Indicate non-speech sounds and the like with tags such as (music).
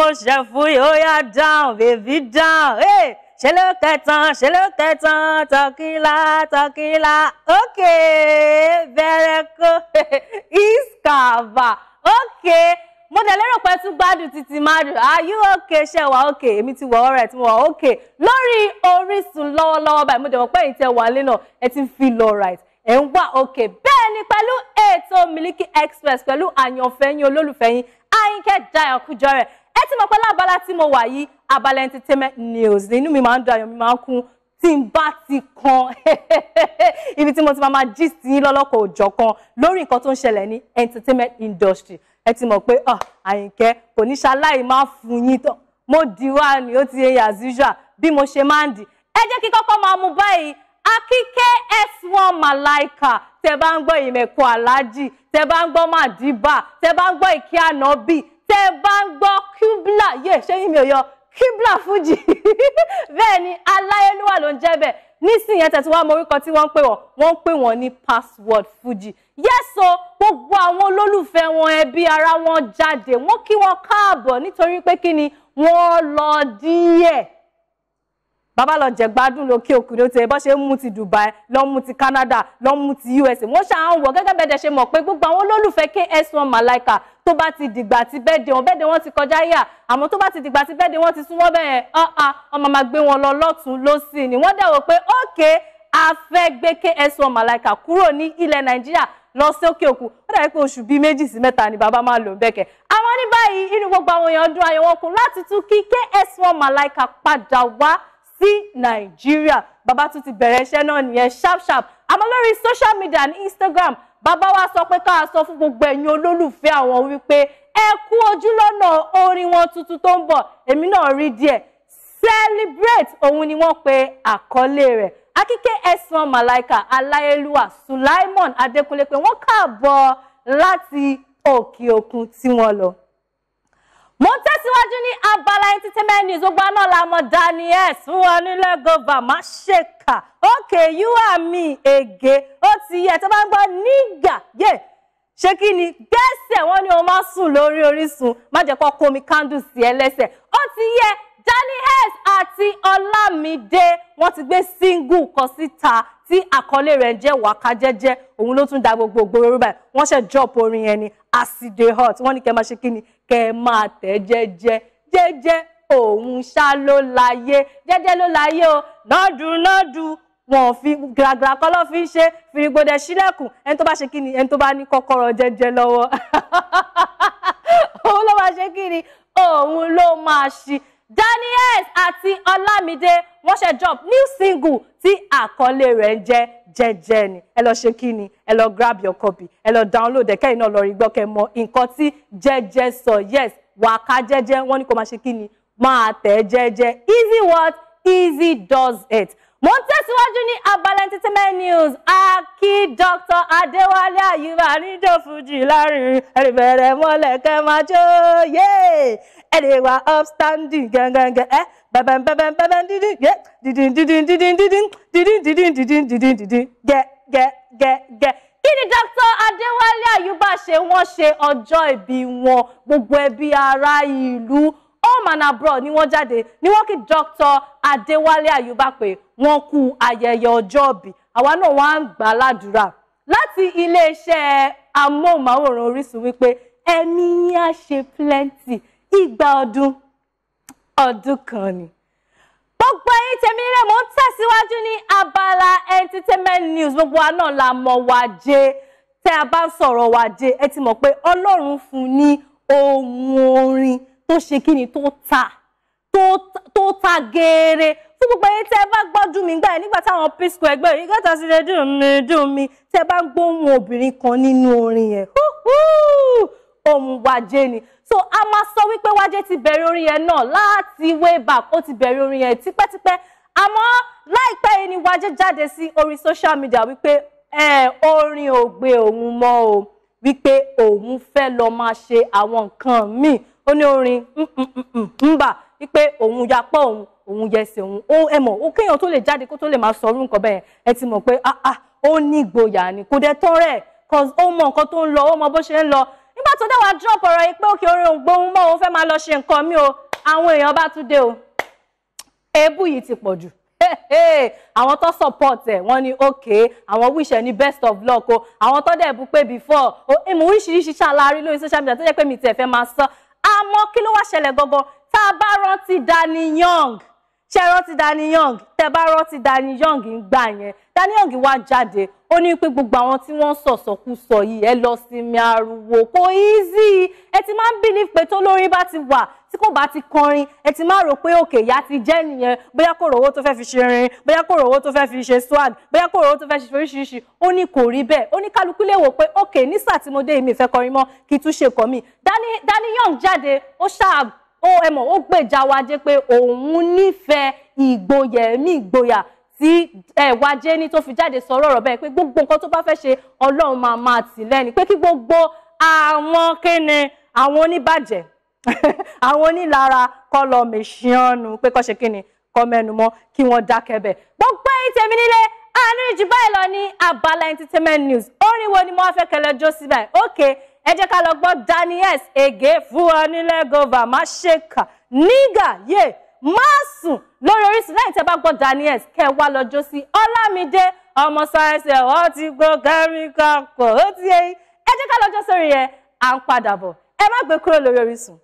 mo ṣàfùyè ó yá down baby down ṣe ló kẹtàn ṣe ló kẹtàn tọkìlá tọkìlá ókè bẹ̀rẹ̀ kó iskaba (laughs) ókè mo dẹ̀ lérò pé tún gbádùn títí mádùn are you okay ṣe wà okay èmi ti wà ọ̀rẹ́ tí mo wà okay lórí Orísun lọ́wọ́lọ́wọ́ báyìí mo dẹ̀ mọ̀ pé ìtẹ̀ wà lé náà ẹ ti ń feel alright ẹ̀ ń wà okay bẹ́ẹ̀ ni pẹ̀lú ètò Miliki Express pẹ̀lú àyànfẹ́ yín olólùfẹ́ yín Àyìnkẹ́ Dayọ̀ Kújọrẹ̀ ẹ ti mọ̀ pé lábala tí mo wà yìí abala entertainment news inú mi máa ń dùn ayọ̀ mi máa ń kún tí n bá ti kan (laughs) ibi tí mo ti máa ma gist yín lọ́lọ́kọ̀ òjọ̀ kan lórí nǹkan tó ń ṣẹlẹ̀ ní entertainment industry ẹ ti mọ̀ pé àyìnkẹ́ kò ní ṣaláì máa fún yín tán mo di wá ni ó ti yẹ as usual bí mo ṣe máa ń dì ẹ jẹ́ kí kọ́kọ́ máa mú báyìí akíkẹ́ s1 malaika tẹ bá ń gbọ́ ìmẹ̀kọ aláàjì tẹ bá ń gbọ́ màdìbà tẹ bá ń gbọ́ ìkí ànábì tẹ́ ẹ bá ń gbọ́ qbla yé ṣẹ́yìn mi ò yọ qbla fuji (laughs) bẹ́ẹ̀ ni aláyélúwà ló ń jẹ́ bẹ́ẹ̀ nísìnyẹn tẹ̀sí wá mọ orúkọ tí wọ́n ń pè wọ́n wọ́n ń pè wọ́n ní password fuji yẹ́sọ gbogbo àwọn olólùfẹ́ wọn ẹbí ara wọn jáde wọ́n kí wọn káàbọ̀ nítorí pé kí ni wọ́n lọ díẹ̀ bàbá lọ jẹ gbádùn lókè òkun ló tẹ bọ́ ṣe ń mú ti Dubai lọ́ mú ti Canada lọ́ mú ti USA wọ́n ṣáà ń wọ̀ gẹ́gẹ́ bẹ́ẹ̀ dẹ̀ ṣe mọ̀ pé gbogbo àwọn olólùfẹ́ KS1 Malaika tó bá ti dìgbà ti bẹ́ẹ̀dẹ̀ wọn bẹ́ẹ̀dẹ̀ wọn ti kọjá yà àmọ́ tó bá ti dìgbà tí bẹ́ẹ̀dẹ̀ wọn ti súnmọ́ bẹ́ẹ̀ ọ̀ọ́ ọmọ máa gbé wọn lọ lọ́tún lọ́sì ni wọ́n dẹ̀ wò pé ókè a fẹ́ gbé KS1 Malaika kúrò ní ilẹ̀ Nàìjíríà lọ sókè òkun ó dàbí pé oṣù bíi méjì sí mẹ́ta ni bàbá máa lò bẹ́kẹ̀ àwọn ní báyìí inú gbogbo àwọn èèyàn dún ayọ̀ láti tún kí KS1 Malaika padà wá sí nàìjíríà bàbá tún ti bẹ̀rẹ̀ iṣẹ́ náà nìyẹn sharp sharp àmọ́ lórí social media ní instagram bàbá wa sọ pé ká sọ fún gbogbo ẹ̀yin olólùfẹ́ àwọn wípé ẹ kú ojú orin wọn tuntun tó ń bọ̀ èmi náà rí díẹ̀ celebrate òun ni wọ́n pe àkọlé rẹ̀ akíké ẹ̀sán malaika aláyélúwà sulaimon adékúnlé pé wọ́n káàbọ̀ láti òkè òkun tí wọ́n lọ. mo tẹ̀síwájú ní abala entertainment news gbogbo aná la mọ̀ daniel fún wọn nílẹ̀ gọ́và má ṣe kà ókè yíwá mi ègé ó ti yẹ tó bá ń gbọ́ nígà yé ṣé kí ni gẹ́sẹ̀ wọn ni wọn máa sùn lórí Orísun má jẹ́ kó kó omi kándù sí ẹ lẹ́sẹ̀ ó ti yẹ Danny S àti Ọlámídé wọ́n ti gbé single kan síta tí àkọlé rẹ̀ ń jẹ́ wàká jẹ́jẹ́ òun ló tún da gbogbo ògbóró rúbà ẹ̀ wọ́n ṣẹ̀ drop orin yẹn ni aside hot wọ́n ní kẹ́ máa ṣe kí ni kẹ́ máa tẹ̀ jẹ́jẹ́ jẹ́jẹ́ òun ṣá ló láyé jẹ́jẹ́ ló láyé o nọ́ọ̀dù nọ́ọ̀dù wọn fi gàràgàrà kọ́ lọ́ fi ń ṣe fìrìgbòdè sílẹ̀kùn ẹni tó bá ṣe kí ni ẹni tó bá ní kọ́kọ́rọ́ jẹ́jẹ́ lọ́wọ́ (laughs) òun ló máa ṣe kí ni òun ló máa ṣí daniels àti ọlámídé wọ́n ṣe drop new single tí àkọlé rẹ̀ ń jẹ́ jẹ́jẹ́ ni ẹ lọ ṣe kí ẹ lọ grab your copy ẹ lọ download ẹ kẹ́yìn náà lọ rí gbọ́ kẹ́ mọ nǹkan tí jẹ́jẹ́ sọ yes wàá ka jẹ́jẹ́ wọ́n ní kó máa ṣe kí máa tẹ̀ jẹ́jẹ́ easy what easy does it mo ń tẹ̀síwájú ní abala entertainment news akí Dr. Adéwálé Àyùbá nídòfújì láàrin ẹ̀rì bẹ̀rẹ̀ mọ́lẹ̀ kẹ́ máa jó yé ẹ̀rì wa upstanding gẹ́gẹ́gẹ́ ẹ́ bẹ̀bẹ̀ bẹ̀bẹ̀ bẹ̀bẹ̀ dídín yé dídín dídín dídín dídín dídín dídín dídín dídín dídín gẹ́ gẹ́ gẹ́ gẹ́ kí ni Dr. Adéwálé Àyùbá ṣe wọ́n ṣe ọjọ́ ìbí wọn gbogbo ẹbí ará ìlú home and abroad ni wọ́n jáde ní wọ́n kí Dr. Adéwálé Àyùbá pé wọ́n kú ayẹyẹ ọjọ́bí àwa náà wọ́n á ń gbà ládùúrà láti iléeṣẹ́ amóhùnmáwòrán Orísun wípé ẹ̀mí á ṣe plenty igba ọdún ọdún kan ni gbogbo ẹ̀yin tèmi rẹ mò ń tẹ̀síwájú ní abala entertainment news gbogbo wa náà la mọ̀ Wájé tẹ́ a bá ń sọ̀rọ̀ Wájé ẹ ti mọ̀ pé Ọlọ́run fún ní ohun orin tó ṣe kí ni tó ta tó ta geere fún gbogbo ẹ̀yin tẹ́ ẹ bá gbọ́dún mi gbà ẹ nígbà táwọn pisco ẹgbẹ́ yìí gàtà sí dùn mí dùn mí tẹ́ ẹ bá ń gbóhùn obìnrin kan nínú orin yẹn ohun wájé ni so a máa sọ wípé wájé ti bẹ̀rẹ̀ orin yẹn náà láti way back ó ti bẹ̀rẹ̀ orin yẹn tipẹ́tipẹ́ àmọ́ láìpẹ́ yìí ni wájé jáde sí orí social media wípé orin ò gbé òun mọ́ o wípé òun fẹ́ lọ máa ṣe àwọn nǹkan míì ó ní orin ńbà mm, mm, mm, wípé òun yapọ̀ òun òun yẹsẹ̀ òun ó ẹ mọ̀ ó kéèyàn tó lè jáde kó tó lè máa sọrú nǹkan bẹ́ẹ̀ ẹ ti mọ̀ pé ah ah ó ní ìgboyà ni kò dẹ̀ tán rẹ̀ cause ó mọ nǹkan tó ń lọ ó mọ bó ṣe ń lọ nígbà tó dáwà drop ọ̀rọ̀ yìí pé òkè orin òun gbóhùn mọ́ òun fẹ́ máa lọ ṣe nǹkan mi o àwọn èèyàn bá tún dé o èébú yìí ti pọ̀ jù (laughs) àwọn tó support ẹ̀ wọ́n ní okay àwọn wish ẹ̀ best of luck o àwọn tó dẹ̀ bú pé before o èmi oríṣiríṣi ṣàlárí lórí social media tó jẹ́ pé mi tiẹ̀ fẹ́ máa sọ mọ̀ kí ló wá ṣẹlẹ̀ gangan tá a bá rántí Dani Young ṣe rántí Dani Young tẹ bá rántí Dani Young ń gbà yẹn Dani Young wá jáde ó ní pé gbogbo àwọn tí wọ́n sọ̀sọ̀kúsọ yìí ẹ lọ sinmi ariwo kò easy ẹ ti máa ń believe pé tó lórí bá ti wà tí kò bá ti kọrin ẹ ti máa rò pé òkè ìyá ti jẹ́ nìyẹn bóyá kò rówó tó fẹ́ fi ṣe rin bóyá kò rówó tó fẹ́ fi ṣe swag bóyá kò rówó tó fẹ́ ṣe oríṣiríṣi ó ní kò rí bẹ́ẹ̀ ó ní kálukú lè wò pé òkè ní tí mo dé èmi ìfẹ́ kọrin mọ́ kí tún ṣe kọ́ mi Dani Dani Young jáde ó ṣáà ó ẹmọ ó gbèjà wájé pé òun nífẹ̀ẹ́ ìgboyà ẹ̀mí ìgboyà tí ẹ̀wà jẹ́ni tó fi jáde sọ̀rọ̀ ọ̀rọ̀ bẹ́ẹ̀ pé gbogbo nǹkan tó bá fẹ́ ṣe ọlọ́run máa máa tì lẹ́ni pé kí gbogbo àwọn kéne àwọn oníbàjẹ́ (laughs) àwọn onílara kọ́ lọ mèṣíọ́nù pé kọ́ ṣe kíni kọ́ mẹ́nu mọ́ kí wọ́n dákẹ́ bẹ̀. gbogbo ẹ̀yin tèmi nílé àánú ìjì báyìí lọ ní abala entertainment news orin wo ni mo fẹ́ kẹlẹ́ jó sí báyìí ok ẹ jẹ́ ká lọ gbọ́ daniels ege fún ọ nílẹ̀ gova má ṣe kà nígà yé. Yeah máa sùn lórí Orísun lẹ́yìn tẹ́ bá gbọ́ Daniels kẹ́ wá lọ́jọ́ sí Ọlámídé ọmọ sáyẹnsì ẹ̀ wọ́n ti gbọ́ kẹ́míkà kò ó ti ẹyin ẹ jẹ́ ká lọ́jọ́ sórí yẹn à ń padà bọ̀ ẹ má gbé kúrò lórí Orísun.